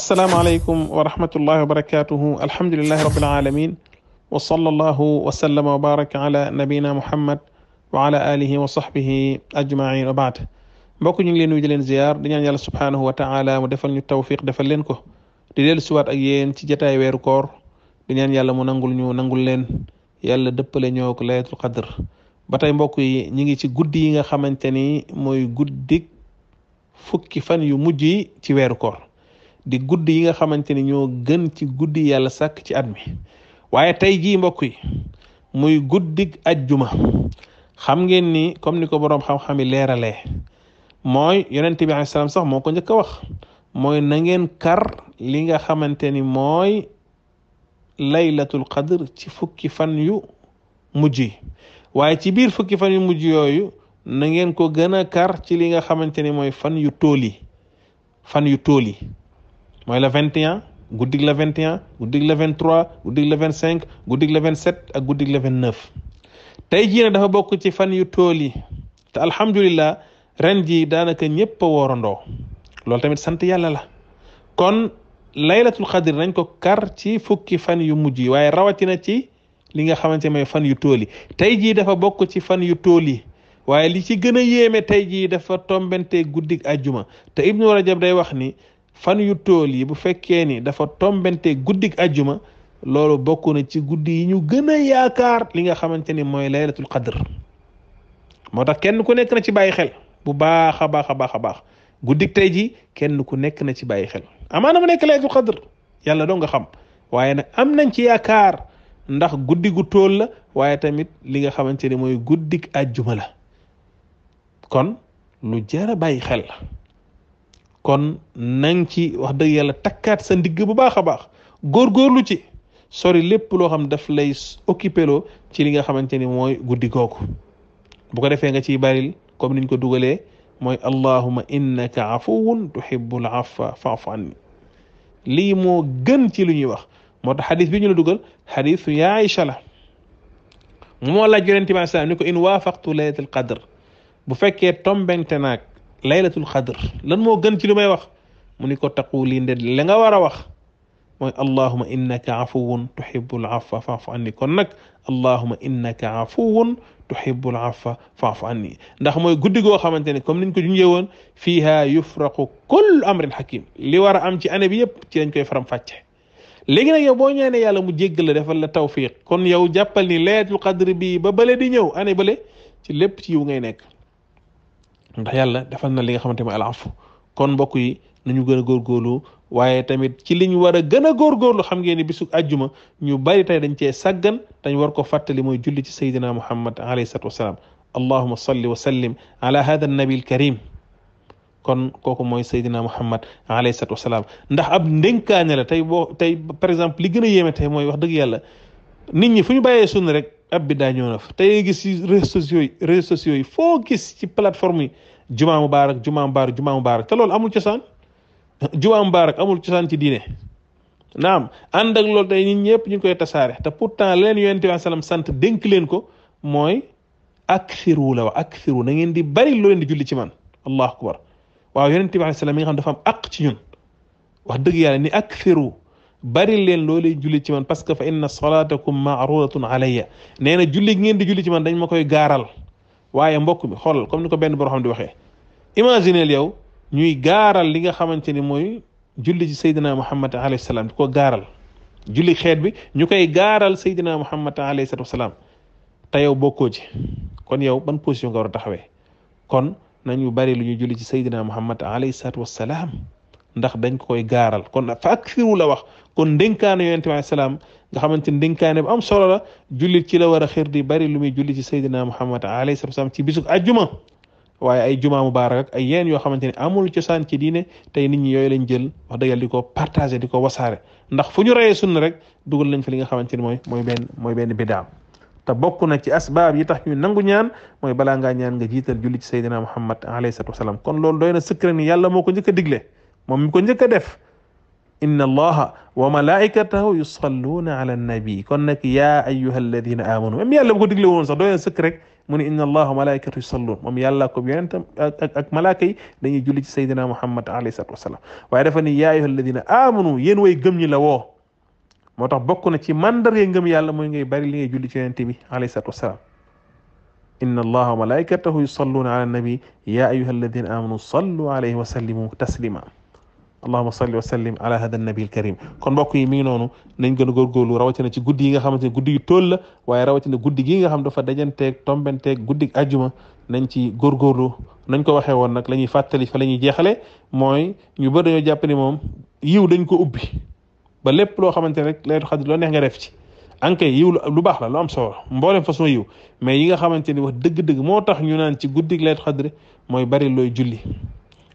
asalaamaaleykum wa rahmatullahi wa barakaatuhu alhamdulilahi rabbil alamin wa sallallahu wa sallama wa baraka ala nabina muhammad wa ala alihi wa sahbihi ajmain wa baad mbokk ñu ngi leen nuyu di leen ziyaar di ñaan yàlla subhaanahu wa taala mu defal ñu tawfiq defal leen ko di dellu siwaat ak yéen ci jataay weeru koor di ñaan yàlla mu nangul ñu nangul leen yàlla dëppale ñoo ko layatul qadr ba tey mbokk yi ñu ngi ci guddi yi nga xamante ni mooy guddik fukki fan yu mujj yi ci weeru koor di guddi yi nga xamante ni ñoo gën ci guddi yàlla sàkk ci at mi waaye tey gii mbokk yi muy guddig ajjuma xam ngeen ni comme ni ko boroom xam-xami leeralee mooy yonente bi alayhi salaam sax moo ko njëkk a wax mooy na ngeen kar li nga xamante ni mooy laylatul qadr ci fukki fan yu mujj yi waaye ci biir fukki fan yu mujj yooyu na ngeen ko gën a kar ci li nga xamante ni mooy fan yu tool fan yu tool yi mooy le 21 guddig le 21 guddig le 23 guddig vingt 25 guddig le 27 ak guddig le 29 tey jii ne dafa bokk ci fan yu tool yi te alhamdulilah ren ji daanaka ñëpp a woorandoo loolu tamit sant yàlla la kon laylatul xadr nañ ko kar ci fukki fan yu mujj yi waaye rawatina ci li nga xamante mooy fan yu tool yi tey jii dafa bokk ci fan yu tool yi waaye li ci gën a yéeme tey jii dafa tombante guddig ajjuma te ibnu rajab day wax ni fan yu tool yi bu fekkee ni dafa tombante guddik ajjuma loolu bokk na ci guddi yi ñu gën a yaakaar li nga xamante ni mooy laylatul qadr moo tax kenn ku nekk na ci bàyyi xel bu baax a baax a baax a baax guddik tey ji kenn ku nekk na ci bàyyi xel amaana mu nekk laylatul qadr yàlla doo nga xam waaye nag am nañ ci yaakaar ndax guddi gu tool la waaye tamit li nga xamante ni mooy guddik ajjuma la kon lu jar bàyyi xel kon nang ci wax dëgg yàlla takkaat sa ndigg bu baax a baax góorgóorlu ci sori lépp loo xam daf lay occupé loo ci li nga xamante ni mooy guddi googu bu ko defee nga ciy baril comme niñ ko dugalee mooy allahuma innaka afuwun tuhibbul afwa fa'fu anni lii moo gën ci lu ñuy wax moo tax xadis bi ñu la dugal xadis yaa Aïcha la moo laaj yonente bi alayhi ni ko in waafaqtu laylatul qadr bu fekkee tombente naag laylatul xadr lan moo gën ci lu may wax mu ni ko taqu lii nded la nga war a wax mooy allahuma innaka afuwun tuhibbul afwa faafu anni kon nag allahuma innaka afuwun tuhibbul afwa faafu anni ndax mooy guddi goo xamante ne comme niñ ko junjee woon fiiha yufraqu kullu amrin hakim li war a am ci année bi yëpp ci lañ koy faram fàcce léegi nag yow boo ñaanee yàlla mu jéggal la defal la tawfiq kon yow jàppal ni laylatul qadr bi ba bële di ñëw année bële ci lépp ci yiw ngay nekk ndax yàlla defal na li nga xamante mooy alafu kon mbokk yi ñu gën a góorgóorlu waaye tamit ci liñ war a gën a góorgóorlu xam ngeen ni bisu àjjuma ñu bari tey dañ cee sàggan dañ war ko fattali mooy julli ci sayyidina muhammad alayhi salatu wasalaam allahuma salli wa sallim ala hada annabi al karim kon kooku mooy sayyidina muhammad alayhi salatu wasalaam ndax ab ndénkaane la tey boo tey par exemple li gën a yéeme mooy wax dëgg yàlla nit ñi fu ñu bàyyee sunna rek ab bi daa ñëw na fa tey gis ci sociaux yi foo gis ci plateforme juma mubaarak juma mubaarak juma mubaarak te loolu amul cosaan juma mubaarak amul cosaan ci diine naam ànd ak loolu tey ñun ñëpp ñu koy tasaare te pourtant leen yonent bi salaam sant dénk leen ko mooy akthiru la wa akthiru na ngeen di bari loo di julli ci man allahu akbar waaw yonent bi salaam mi nga xam dafa am aq ci ñun wax dëgg yàlla ni akthiru bari leen lool leen julli ci man parce que fa inna salatakum maarudatun alayya nee na julli ngeen di julli ci man dañ ma koy gaaral waaye mbokk mi xoolal comme ni ko benn boroom di waxee imagineel yow ñuy gaaral li nga xamante ni mooy julli ci saydina muhammad alayhi salaam di ko gaaral julli xeet bi ñu koy gaaral saydina muhammad alayhi salaam te yow bokkoo ci kon yow ban position nga war a taxawee kon nañu bari lu ñu julli ci saydina muhammad alayhi salaam ndax dañ ko koy gaaral kon fa ak firu la wax kon ndénkaanu yonent bi alayhi nga xamante ni ndénkaane bu am solo la jullit ci la war a xir di bari lu muy julli ci saydina muhammad alayhi salatu wasalam ci bisub ajjuma waaye ay juma mubaarak ak ay yeen yoo xamante ni amul cosaan ci diine tey nit ñi yooyu lañ jël wax dëggal di ko partagé di ko wasaare ndax fu ñu reyee sunna rek dugal nañ fa li nga xamante ni mooy mooy benn mooy benn bidaa te bokk na ci asbaab yi tax ñu nangu ñaan mooy balaa ngaa ñaan nga jiital julli ci saydina muhammad alayhi salatu wasalam kon loolu doy na sëkkëre ni yàlla moo ko njëkk a digle moom ko njëkk a def inna allaha wa malaikatahu yusalluuna ala annabi kon nag yaa ayyuha alladina amanu même yàlla bu ko digle woon sax dooyeen sëkk rek mu ne inna allaha wa malaikatahu yusalluun moom yàlla ko yonentam ak ak malaaka yi dañuy julli ci sayyidina muhammad alayhi salatu wasalam waaye dafa ni yaa ayyuha alladina amanu yéen way gëm ñi la woo moo tax bokk na ci mandarga ngëm yàlla mooy ngay bari li ngay julli ci yonente bi alayhi salatu wasalam inna allaha wa malaikatahu yusalluuna ala annabi yaa ayyuha alladina amanu sallu alayhi wa sallimu taslima allahuma salli wa sallim ala hada nabi karim kon mbokk yi mi ngi noonu nañ gën a góorgóorlu rawatina ci guddi yi nga xamante ne guddi tool la waaye rawatina guddi gi nga xam dafa dajanteeg tombenteeg guddi ajjuma nañ ci góorgóorlu nañ ko waxee woon nag la ñuy fàttali fa la ñuy jeexale mooy ñu bëri dañoo jàpp ni moom yiw dañ ko ubbi ba lépp loo xamante ne rek laytu loo neex nga def ci anka yiw lu baax la lu am solo mboolem façon yiw mais yi nga xamante ni wax dëgg-dëgg moo tax ñu naan ci guddi laytu xadr mooy bari looy julli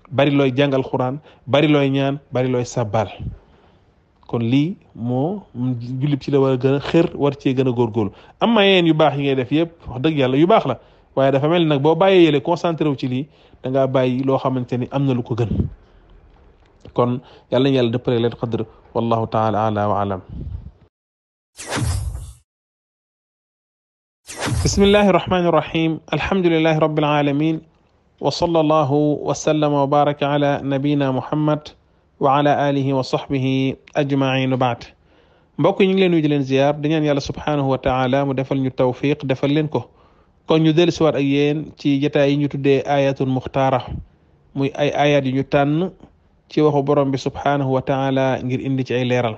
bari looy jàngal xuraan bari looy ñaan bari looy sabbal kon lii moo jullit ci la war a a xër war cee gën a góorgóorlu am na yu baax yi ngay def yëpp wax dëgg yàlla yu baax la waaye dafa mel ni nag boo bàyyee yële concentré wu ci lii da ngaa bàyyi loo xamante ni am na lu ko gën kon yàlla na yàlla dëppale leen xadr wallahu taala ala wa bismillahi rahmani rahim alhamdulilahi rabbil wa sallallahu wa sallama wa baraka ala nabina muhammad wa ala alihi wa sahbihi ajmain wa baad mbokk yi ñu ngi leen nuyu di leen ziyaar di ñaan yàlla subhaanahu wa taala mu defal ñu tawfiq defal leen ko kon ñu dellu siwaat ak yéen ci jotaay yi ñu tuddee ayatun muxtaara muy ay ayat yu ñu tànn ci waxu borom bi subhaanahu wa taala ngir indi ci ay leeral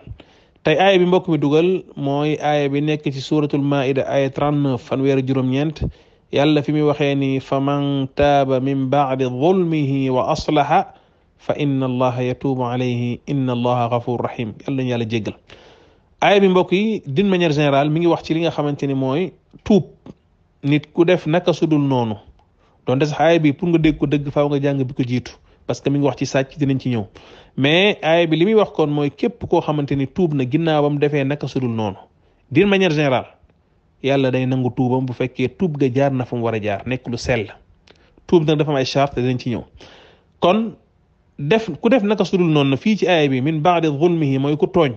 tey aaya bi mbokk mi dugal mooy aaya bi nekk ci suratul maida aaya 39 fanweer juróom-ñeent yàlla fi muy waxee ni fa man taaba min bacdi zulmihi wa aslaha fa inna allaha yatuubu alayhi inna allaha gafur rahim yàlla ñu yàlla jéggal aaya bi mbokk yi d'une manière générale mi ngi wax ci li nga xamante ni mooy tuub nit ku def naka sudul noonu doon des aaya bi pour nga dégg ko dëgg faaw nga jàng bi ko jiitu parce que mi ngi wax ci sàcc dinañ ci ñëw mais aaya bi li muy wax kon mooy képp koo xamante ni tuub na ginnaawam defee naka sudul noonu d'une manière générale yàlla day nangu tuubam bu fekkee tuub nga jaar na fa mu war a jaar nekk lu sell tuub nag dafa am ay charte dañ ci ñëw kon def ku def naka sudul noonu na fii ci aaya bi min baadi zulmihi mooy ku tooñ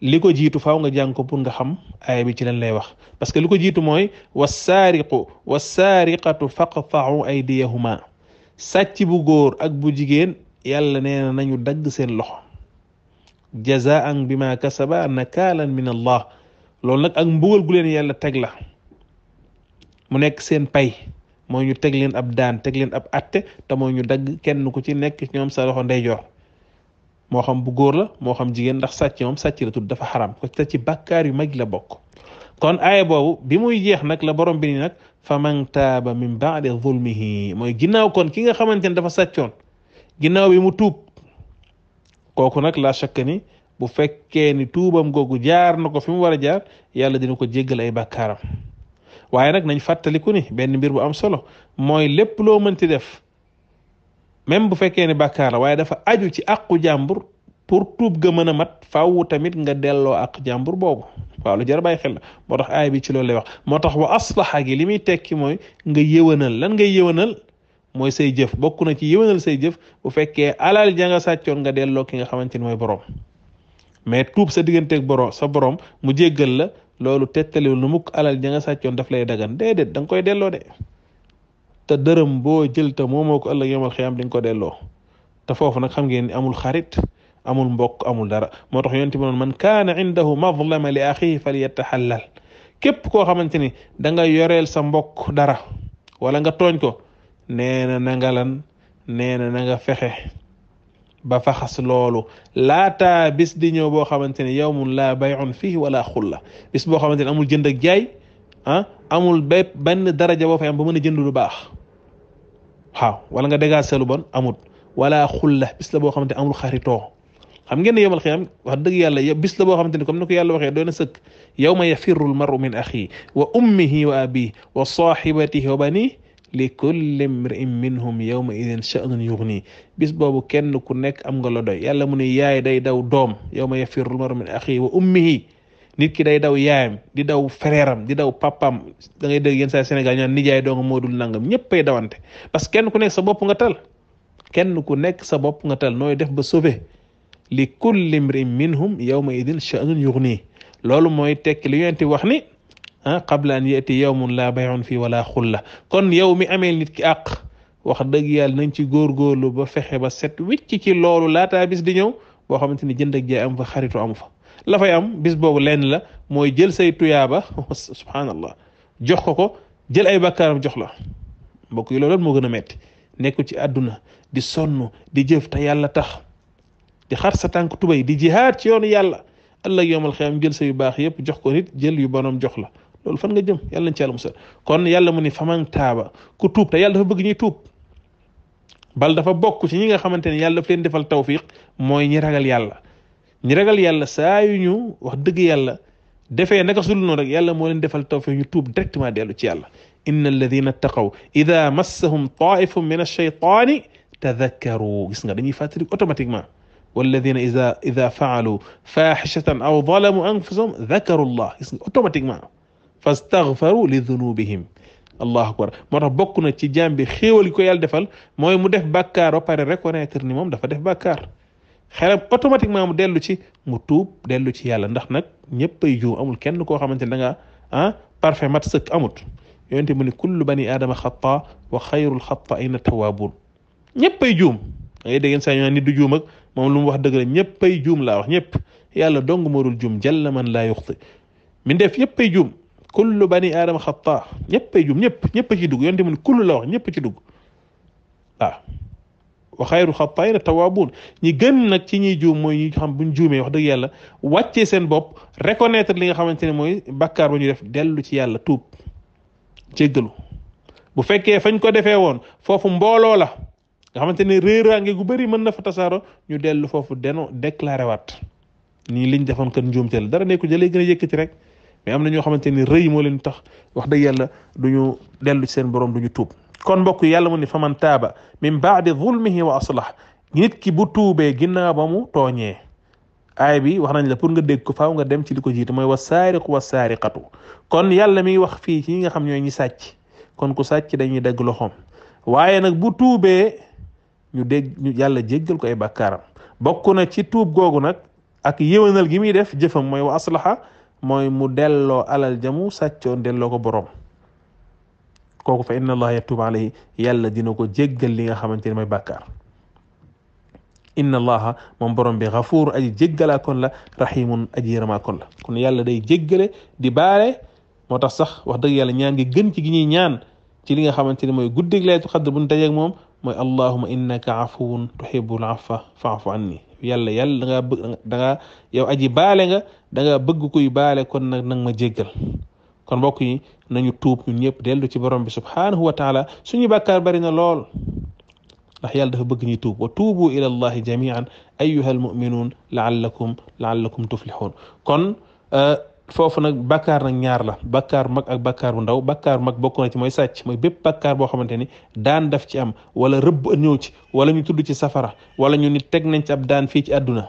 li ko jiitu faaw nga jàng ko pour nga xam aaya bi ci lan lay wax parce que li ko jiitu mooy wassaariqu wassaariqatu faqta'u aydiyahuma sàcc bu góor ak bu jigéen yàlla nee nañu dagg seen loxo jazaan bima kasaba nakaalan min allah loolu nag ak mbugal gu leen yàlla teg la mu nekk seen pay mooy ñu teg leen ab daan teg leen ab atte te mooy ñu dagg kenn ku ci nekk ñoom sa loxo ndeyjoor moo xam bu góor la moo xam jigéen ndax sàcc moom sàcc la tudd dafa xaram ko te ci bàkkaar yu mag la bokk kon aaya boobu bi muy jeex nag la borom bi ni nag fa man taaba min baadi zulmihi mooy ginnaaw kon ki nga xamante ne dafa sàccoon ginnaaw bi mu tuub kooku nag laa shakka ni bu fekkee ni tuubam googu jaar na ko fi mu war a jaar yàlla dina ko jéggal ay bàkkaaram waaye nag nañ fàttaliku ni benn mbir bu am solo mooy lépp loo mën mënti def même bu fekkee ni bàkkaar waaye dafa aju ci àqu jàmbur pour tuub ga mën a mat faw tamit nga delloo ak jàmbur boobu waaw lu jar bàyyi xel la moo tax aay bi ci loolu lay wax moo tax wa aslaha gi li muy tekki mooy nga yëwanal lan ngay yëwanal mooy say jëf bokk na ci yëwanal say jëf bu fekkee alal ja sàccoon nga delloo ki nga xamante ni mooy borom mais tuub sa digganteeg borom sa borom mu jéggal la loolu tettaliwul nu mukk alal ja nga sàccoon daf lay dagan déedéet da nga koy delloo de te dërëm boo jëlta te moomoo ko ëllëg yomal xiyaam ko delloo te foofu nag xam ngeen ni amul xarit amul mbokk amul dara moo tax yonent bi noonu man kaana indahu mazlama li axihi falyataxallal képp koo xamante ni da nga yoreel sa mbokk dara walla nga tooñ ko nee na lan nee na fexe ba faxas loolu laataa bis di ñëw boo xamante ne yawmun laa bay'un fihi wala xulla bis boo xamante ne amul jënd ak jaay ah amul bépp benn daraja boo fay am ba mën a jënd lu baax waaw wala nga déggaasee lu bon amut wala xulla bis la boo xamante ne amul xaritoo xam ngeen ne yawmal qiyaam wax dëgg yàlla bis la boo xamante ne comme ni ko yàlla waxee doon na sëkk yawma yafirru al mar'u min axiihi wa ummihi wa abiihi wa saahibatihi wa baniihi li kulli imri'in minhum yawma idin sha'nun yughni bis boobu kenn ku nekk am nga la doy yàlla mu ne yaay day daw doom yawma yafirru l-mar'u min akhihi wa ummihi nit ki day daw yaayam di daw frèram di daw papam da ngay dégg yenn saa Sénégal ñaan nijaay doo nga moo dul nangam dawante parce que kenn ku nekk sa bopp nga tal kenn ku nekk sa bopp nga nooy def ba sauver li kulli imri'in minhum yawma idin sha'nun yughni loolu mooy tekki li yonent wax ni ah qabla an yati yawmun la bay'un fii wala xulla kon yow mi ameel nit ki àq wax dëgg yàlla nañ ci góorgóorlu ba fexe ba set wicc ci loolu laataa bis di ñëw boo xamante ni jënd ak am fa xaritu fa la fay am bis boobu lenn la mooy jël say tuyaaba subhanallah jox ko ko jël ay bakkaaram jox la mbokk yi loolu moo gën a metti nekku ci àdduna di sonn di jëf te yàlla tax di xar sa tànk tubay di jihaad ci yoonu yàlla ëllëg yowmal xiyaam jël sa yu baax yëpp jox ko nit jël yu bonoom jox la loolu fan nga jëm yàlla nañ ci yàlla musal kon yàlla mu ni faman taaba ku tuub te yàlla dafa bëgg ñuy tuub bal dafa bokk ci ñi nga xamante ne yàlla daf leen defal tawfiq mooy ñi ragal yàlla ñi ragal yàlla saa yu ñu wax dëgg yàlla defee naka sul noonu rek yàlla moo leen defal tawfiq ñu tuub directement dellu ci yàlla inna alladina taqaw ida massahum taifum min alcheytaani tadakkaru gis nga dañuy fàttali automatiquement walladina ida ida faalu faaxishatan aw dalamu anfusahum dakaru llah gis nga automatiquement fastaghfaru li dhunubihim allahu akbar moo tax bokk na ci jaam bi xéewal gi ko yàlla defal mooy mu def bàkkaar ba pare reconnaître ni moom dafa def bakkaar xelam automatiquement mu dellu ci mu tuub dellu ci yàlla ndax nag ñëpp ay juum amul kenn koo xamante ne da ah parfait mat sëkk amut yonente mu ni kullu bani aadama xata wa ay xata'ina tawaabuun ñëpp ay juum da ngay déggeen saa ñu nit du juum moom lu mu wax dëgg la ñëpp ay juum laa wax ñëpp yàlla dong moo dul juum jalla man laa yuxti min ay juum kullu bani aadama xataa ñëpp ay jum ñëpp ñëpp a ci dugg yonte mun kullu la wax ñëpp a ci dugg waaw wa xayru xataayina tawaabuun ñi gën nag ci ñuy juum mooy ñi xam buñ juumee wax dëgg yàlla wàccee seen bopp reconnaître li nga xamante ne mooy bàkkaar ba ñu def dellu ci yàlla tuub jéggalu bu fekkee fañ ko defee woon foofu mbooloo la nga xamante ne réeraange gu bari mën na fa tasaaro ñu dellu foofu deno déclaré waat nii liñ defoon kan njuumte la dara nekku jëlee gën a yëkkati rek mais na ñoo xamante ni rëy moo leen tax wax dëgg yàlla du ñu dellu seen borom du ñu tuub kon mbokk yàlla mu ni faman taaba min baadi zulmihi wa aslah nit ki bu tuubee ginnaaw ba mu tooñee bi wax nañ la pour nga dégg ko faaw nga dem ci li ko jiite mooy wa saariqu wa saariqatu kon yàlla miy wax fii ci ñi nga xam ñoo ñi sàcc kon ko sàcc dañuy dagg loxoom waaye nag bu tuubee ñu dégg ñu yàlla jéggal ko ay bàkkaaram bokk na ci tuub googu nag ak yéwénal gi muy def jëfam mooy wa aslaxa mooy mu delloo alal jamu sàccoon delloo ko boroom kooku fa inna allaha yatuubu alayhi yàlla dina ko jéggal li nga xamante ne mooy bàkkaar inna allaha moom borom bi xafuur aji jéggalaa kon la rahimun aji yërëmaa kon la kon yàlla day jéggale di baale moo tax sax wax dëgg yàlla ñaan gi gën ci gi ñuy ñaan ci li nga xamante ne mooy guddig laytu xadr bu ñu dajeeg moom mooy allahuma innaka afuwun tuhibbul afwa fa'fu anni yàlla yàlla da ngaa bëgg da yow aji baale nga danga nga bëgg kuy baale kon nag nag ma jéggal kon mbokk yi nañu tuub ñun ñëpp dellu ci borom bi subhaanahu wa taala suñu bàkkaar bari na lool ndax yàlla dafa bëgg ñuy tuub wa tuubu ila allahi jamian ayuha almuminuun laallakum laallakum tuflixuun kon euh, foofu nag bàkkaar nag ñaar la bàkkaar mag ak bakkaar bu ndaw bàkkaar mag bokk na ci mooy sàcc mooy bépp bakkaar boo xamante ni daan daf ci am wala rëbb ñëw ci wala ñu tudd ci safara wala ñu nit teg nañ ci ab daan fii ci àdduna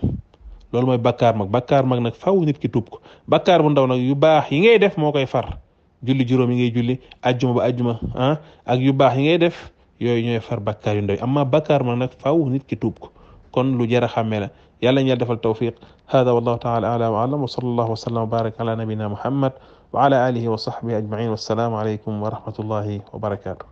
loolu mooy bakkaar mag bakkaar mag nag faw nit ki tuub ko bakkaar bu ndaw nag yu baax yi ngay def moo koy far julli juróom yi ngay julli ajjuma ba ajjuma ah ak yu baax yi ngay def yooyu ñooy far bakkaar yu ndaw yi amma bakkaar mag nag faw nit ki tuub ko kon lu jar a xàmmee la yàlla ñu defal tawfiq hada wallahu taala ala wa alam wa sallallahu wa sallam wa barak ala nabina muhammad wa ala alihi wa sahbihi ajmain wassalaamu aleykum wa rahmatullahi wa barakatuh